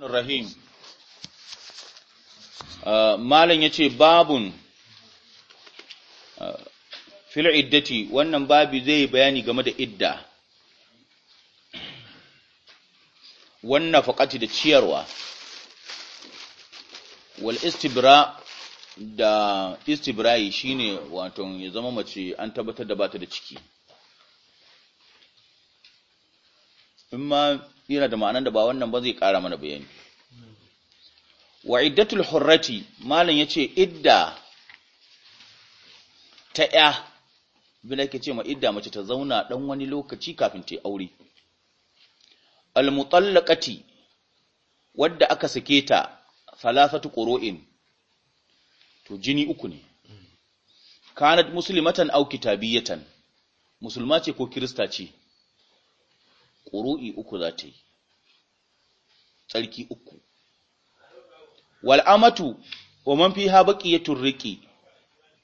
Rahim uh, Malam ya ce babun uh, fil iddati wannan babi zai bayani game da idda wannan faƙati da ciyarwa wal istibra da istibra'i shine wato ya zama mace an tabbatar da bata da ciki yana da ma'anar da ba wannan ba zai ƙara mana bayani wa iddatul hurrati malam yace idda ta ya bila ke ce ma idda mace ta zauna dan wani lokaci kafin ta yi aure al mutallaqati wadda aka sake ta salasatu qura'in to jini uku ne kanat muslimatan aw kitabiyatan musulma ce ko kirista ce ƙuru'i uku za ta yi tsarki uku wal'amatu wa man fi ha ya riqi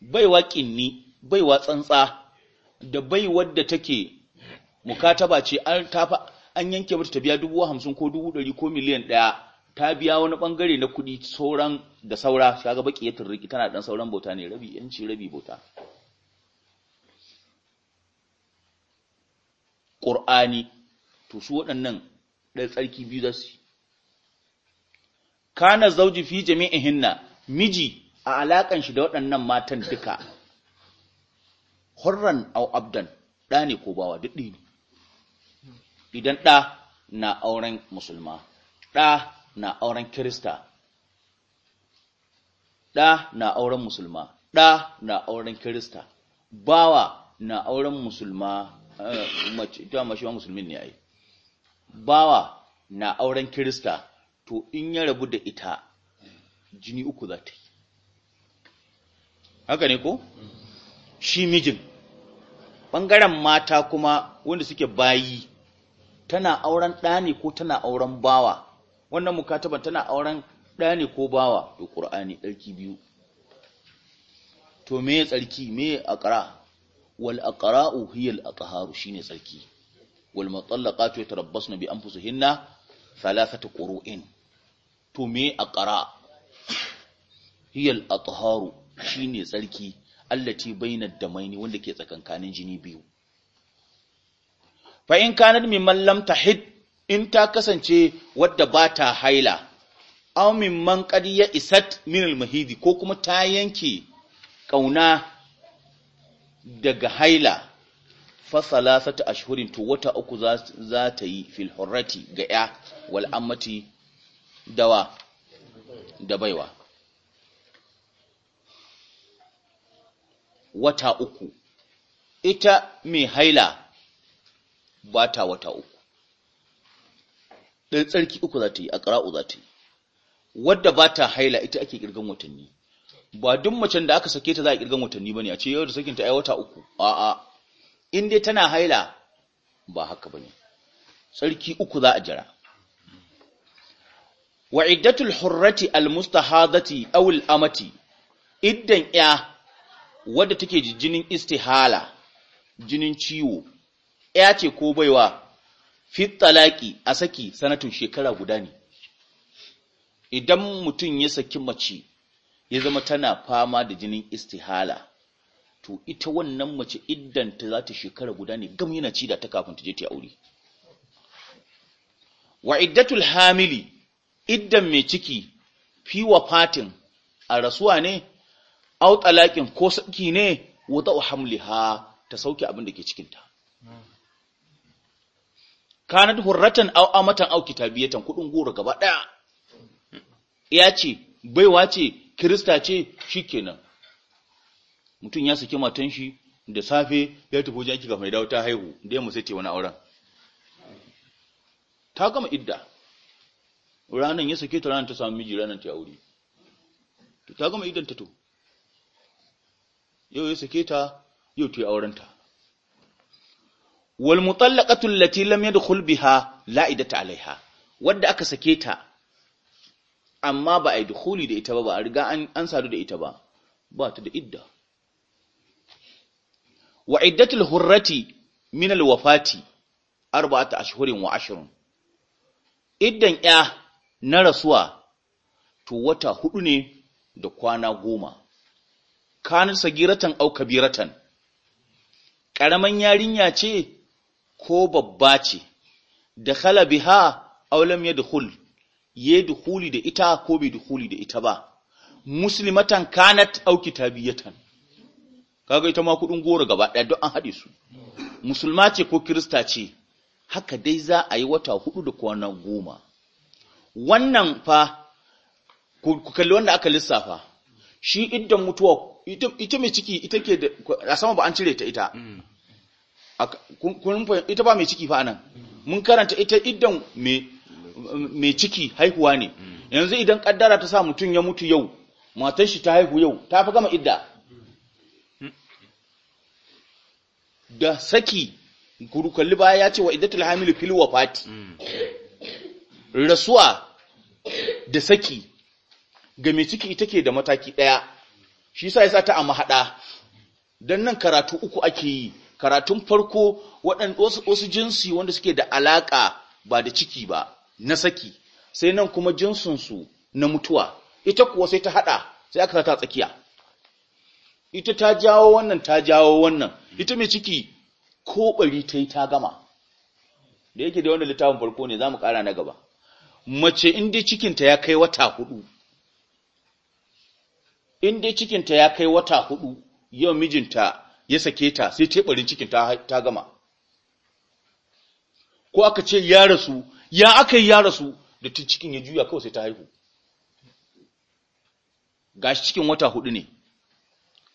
baiwa ƙinni baiwa tsantsa da baiwar da take mukataba ce an yanke mata ta biya dubu hamsin ko dubu ɗari ko miliyan ɗaya ta biya wani ɓangare na kuɗi sauran da saura ga baki ya tana ɗan sauran bauta ne rabi yanci rabi bauta ƙur'ani to su waɗannan ɗan tsarki biyu za su yi kana zauji fi hinna miji a alakan shi da waɗannan matan duka Horon au abdan ɗa ne ko bawa duk ne idan ɗa na auren musulma ɗa na auren kirista ɗa na auren musulma ɗa na auren kirista bawa na auren musulma eh, mace ta mashi musulmin ne ai bawa na auren kirista to in ya rabu da ita jini uku za ta yi haka ne ko shi mijin Bangaren mata kuma wanda suke bayi tana auren ɗani ko tana auren bawa wannan mukataban tana auren ɗani ko bawa da ƙur'ani ɗarki biyu to me tsarki me aƙara? wal aqra'u hiya al shi shine tsarki wal mutallaqatu yatarabbasna bi anfusihinna thalathatu qurun to me aqra hiya al atharu shine tsarki allati bainad damaini wanda ke tsakankanin jini biyu fa in kanat mimman lam tahid in ta kasance wadda ba ta haila aw mimman qad ya isat min al ko kuma ta yanke ƙauna daga haila sata ashhurin to wata uku za ta yi fil hurrati ga ya wal dawa da baiwa wata uku ita mai haila ba ta wata uku ɗan tsarki uku za ta yi a ƙara'u za ta yi wadda ba ta haila ita ake ƙirgan watanni ba duk macen da aka sake ta za a ƙirgan watanni ba ne a ce yau da sakinta ya wata uku a'a in dai tana haila ba haka bane sarki uku za a jira wa iddatul hurrati almustahadati aw amati iddan ya wadda take jinin istihala jinin ciwo ya ce ko baiwa fi talaki a saki sanatun shekara guda ne idan mutum ya saki mace ya zama tana fama da jinin istihala to ita wannan mace iddanta za ta shekara guda ne gam yana ci da ta kafin ta je ta aure wa iddatul hamili iddan mai ciki fi fatin a rasuwa ne au talakin ko saki ne wata hamliha ta sauke abin da ke cikin ta kanat hurratan au amatan au kitabiyatan kudin goro gaba daya ya ce baiwa ce kirista ce shikenan mutum ya saki matan shi da safe ya tafi wajen aiki kafin ya dawo ta haihu da yamma sai ta wani auren ta gama idda ranan ya sake ta ranar ta samu miji ranar ta aure to ta gama idan ta to yau ya sake ta yau ta auren ta wal mutallaqatu allati lam yadkhul biha la'idata alaiha wadda aka sake ta amma ba a yi dukhuli da ita ba ba a riga an sadu da ita ba ba ta da idda wa iddatul hurrati min alwafati arba'ata ashhurin wa ashrun iddan ya na rasuwa to wata hudu ne da kwana goma kan sagiratan aw kabiratan karaman yarinya ce ko babba ce dakhala biha aw lam yadkhul yadkhuli da ita ko bai dukhuli da ita ba muslimatan kanat aw kitabiyatan kaga ita ma kudin goro gaba ɗaya duk an haɗe su musulma ce ko kirista ce haka dai za a yi wata hudu da kwana goma wannan fa ku kalli wanda aka lissafa shi iddan mutuwa ita mai ciki ita ke da a sama ba an cire ta ita mm. ita ba mai ciki fa nan. mun karanta ita iddan mai ciki haihuwa ne mm. yanzu idan kaddara ta sa mutum ya mutu yau matar shi ta haihu yau ta fi gama idda da saki kalli baya ya ce wa idatul hamil fil wafati rasuwa da saki ga mai ciki ita ke da mataki ɗaya shi yasa yasa ta a mahaɗa dan nan karatu uku ake yi karatun farko wasu jinsi wanda suke da alaƙa ba da ciki ba na saki sai nan kuma jinsinsu na mutuwa ita kuwa sai ta haɗa sai aka ta tsakiya ita ta jawo wannan ta jawo wannan ita mai ciki ko bari ta yi ta gama da yake da wanda littafin farko ne za mu ƙara na gaba mace inda cikinta ya kai wata hudu inda cikinta ya kai wata hudu yau mijinta ya sake ta sai ta barin cikin ta gama ko aka ce ya rasu ya aka yi ya rasu da ta cikin ya juya kawai sai ta haihu gashi cikin wata hudu ne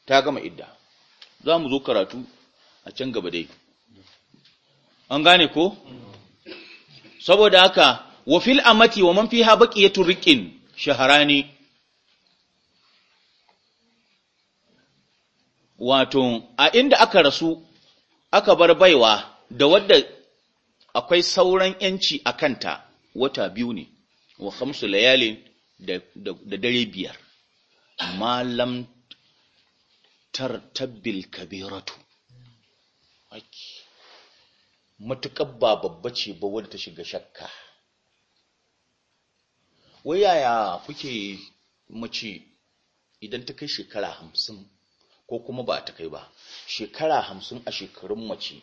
ta gama idda za mu zo karatu a can gaba dai an gane ko saboda haka wa fil amati wa man fiha baqiyatu riqin shaharani wato a inda aka rasu aka bar baiwa da wadda akwai sauran yanci a kanta wata biyu ne wa khamsu layalin da dare biyar malam tartabbil kabiratu matuƙar ba babba ce ba wadda ta shiga shakka wai yaya kuke mace idan ta kai shekara hamsin ko kuma ba ta kai ba shekara hamsin a shekarun mace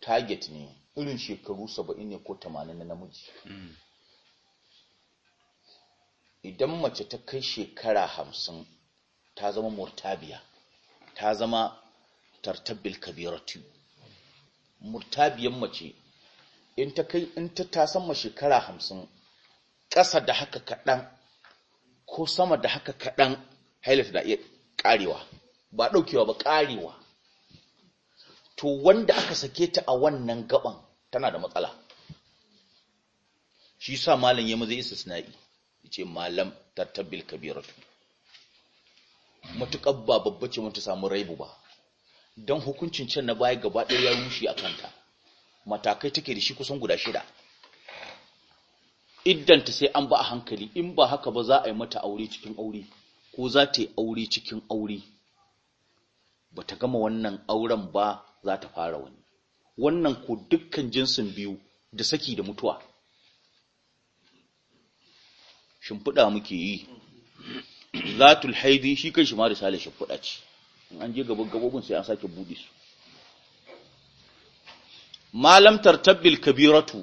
target ne irin shekaru saba'in ne ko tamanin na namiji hmm. idan mace ta kai shekara hamsin ta zama murtabiya ta zama tartabil kabiratu murtabiyan mace in ta kai in ta tasamma shekara hamsin ƙasa da haka kaɗan ko sama da haka kaɗan hailata na iya ƙarewa ba ɗaukewa ba ƙarewa to wanda aka sake ta a wannan gaban tana da matsala shi sa malam ya maza istisna'i ce malam tartabbil kabiratu matuƙar ba babba ce wata samu raibu ba don hukuncin can na baya gaba ɗaya ya rushe a kanta matakai take da shi kusan guda shida iddanta sai an ba a hankali in ba haka ba za a yi mata aure cikin aure ko za ta yi aure cikin aure ba ta gama wannan auren ba za ta fara wani wannan ko dukkan jinsin biyu da saki da mutuwa shimfiɗa muke yi zatul haidi shi kan shi ma risala shi fuda ce in an je gaban gabobin sai an sake buɗe su malam tartabbil kabiratu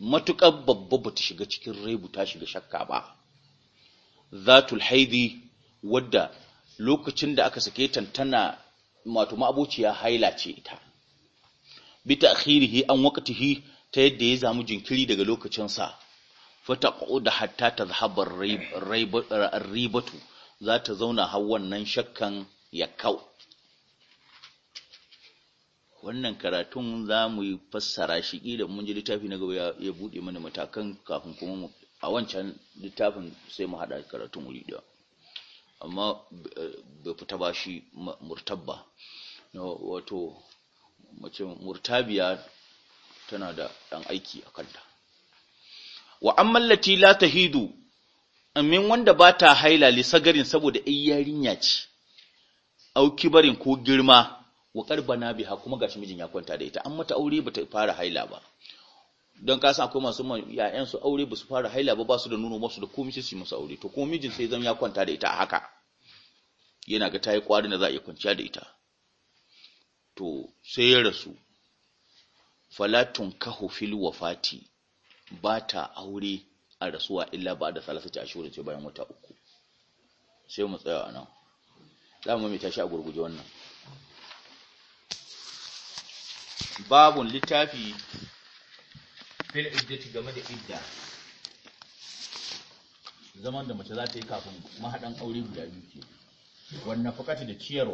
matuƙar babba ba ta shiga cikin rebu ta shiga shakka ba zatul haidi wadda lokacin da aka sake tantana wato ma'abociya haila ce ita bi ta'khirihi an waqtihi ta yadda ya zamu jinkiri daga lokacinsa da hatta tazhaba ribatu za ta zauna har wannan shakkan ya kau wannan karatun za mu yi fassara shi ƙila mun ji littafi na gaba ya buɗe mana matakan kafin kuma mu a wancan littafin sai mu haɗa karatun wuri ɗaya amma eh, bai fita ba shi murtabba wato mace murtabiya tana da ɗan aiki a kanta wa amma lati la tahidu amin wanda ba ta haila li sagarin saboda ai yarinya ce au kibarin ko girma wa karbana biha kuma gashi mijin ya kwanta da ita an mata aure bata fara haila ba don ka san akwai masu yayan su aure ba su fara haila ba ba su da nuno masu da komai sai su masa aure to ko mijin sai zan ya kwanta da ita haka yana ga tayi kwari na za a iya kwanciya da ita to sai ya rasu falatun kahu fil wafati ba ta aure a rasuwa illa ba da a ashirin ce bayan wata uku sai mu tsaya nan za mu mai tashi a gurguje wannan Babu littafi fil iddati game da idda zaman da mace za ta yi kafin mahaɗan aure guda biyu ke wannan fakati da ciyarwa